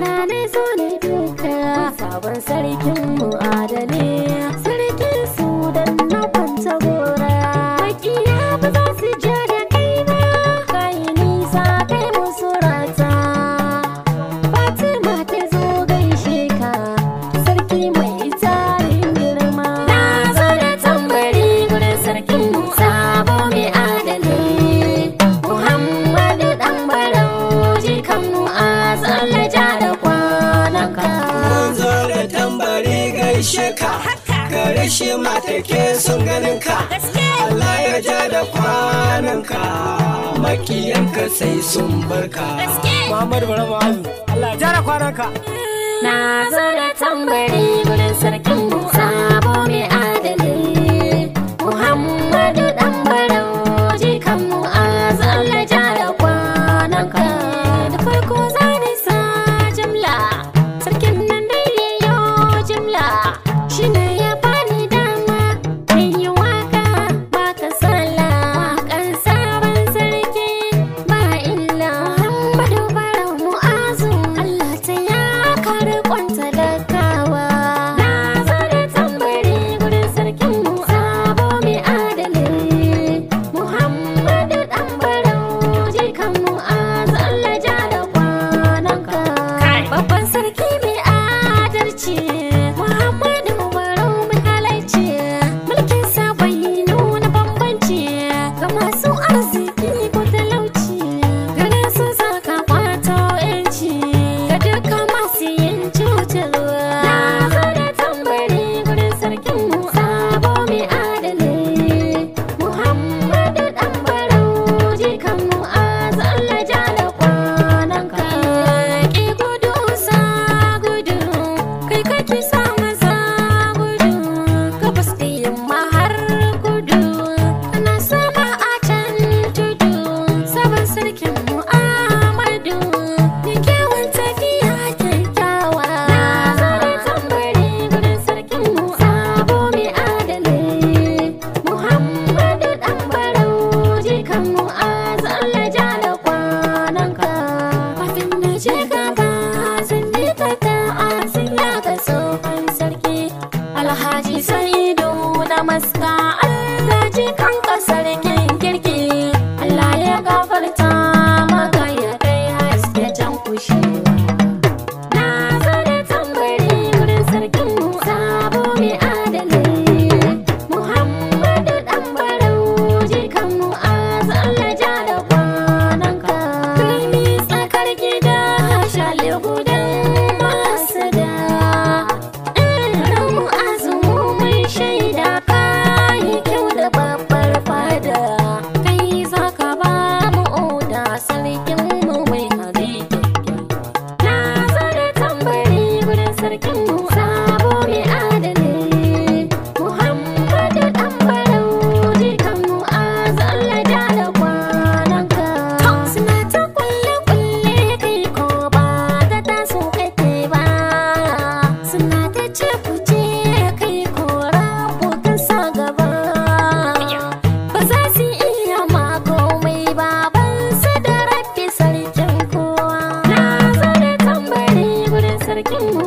ne so ne duka sabon sarkin mu adali gaishe ka gare shi mata ke son ganin ka Allah ya ja da kwanan ka makiyan ka sai sun barka Muhammad Barama Allah ya ja da kwanan ka na zo da tambari gurin alhaji Saido na maska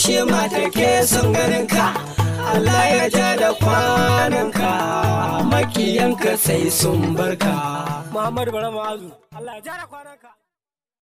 bushe matake ke son ganin ka Allah ya ja da kwananka makiyanka sai sun barka Muhammadu Bara Ma'azu Allah ya ja da kwananka